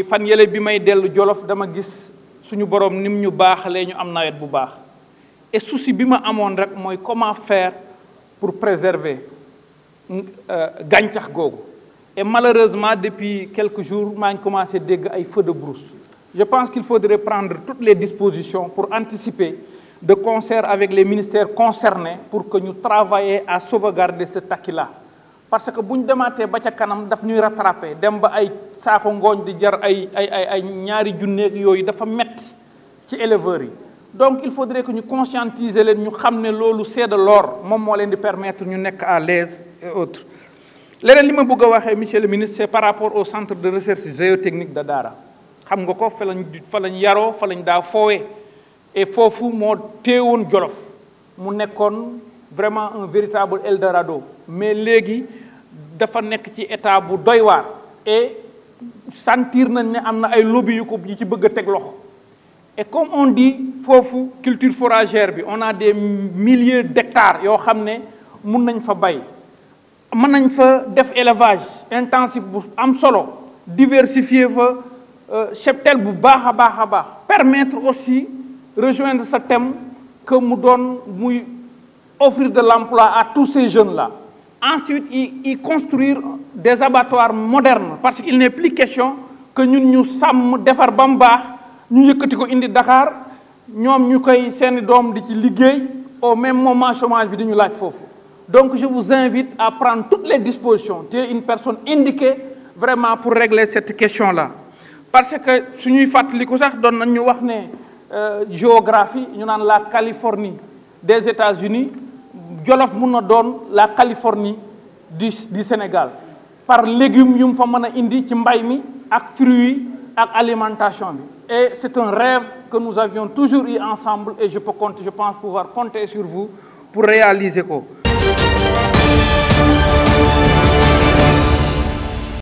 fan yele bi may delu jollof dama gis suñu borom nim ñu bu et souci bima ma rek comment faire pour préserver euh, gàncax et malheureusement depuis quelques jours je commence commencé dégg ay feux de brousse je pense qu'il faudrait prendre toutes les dispositions pour anticiper de concert avec les ministères concernés pour que nous travaillions à sauvegarder ce taki-là parce que buñ dématé ba ca kanam daf ñuy rattraper dem ba ay saako ngogn di jar ay ay ay ay ñaari junneeg yooyu dafa metti ci éleveur yi donc il faudrait que ñu conscientiser leen ñu xamné lolu loolu c'est de l'or mom mo leen di permettre ñu nekk à l'aise et autres leneen li ma bëgg a waxee monsieur le ministre c'est par rapport au centre de recherche géotechnique de Dara xam nga ko fa lañ fa lañ yaroo fa lañ daa foowee et foofu moo téewoon Jolof mu nekkoon vraiment un véritable Eldorado mais léegi dafa nekk ci état bu doy waar et sentir nañ ne am na ay lobby yu ko ñu ci bëgg a teg loxo et comme on dit foofu culture fourragère bi on a des milliers d'hectares yoo xam ne mun nañ fa bay mën nañ fa def élevage intensif bu am solo diversifier fa euh, cheptel bu baax a baax a baax permettre aussi rejoindre ce thème que mu doon muy offrir de l'emploi à tous ces jeunes là ensuite y, y construire des abattoirs modernes parce qu'il n'est plus question que ñun ñu sommes defar Nous, mu nous ñu yëkkati ko indi Dakar nous sommes en de di ci au même moment chômage bi di ñu laaj donc je vous invite à prendre toutes les dispositions tu es une personne indiquée vraiment pour régler cette question là parce que si nous faisons doon nañ euh, ñu wax géographie nous dans la Californie des États-Unis Jolof mun donne la Californie du du Sénégal par légumes yum fa indi ci fruits ak alimentation et c'est un rêve que nous avions toujours eu ensemble et je peux compter je pense pouvoir compter sur vous pour réaliser quoi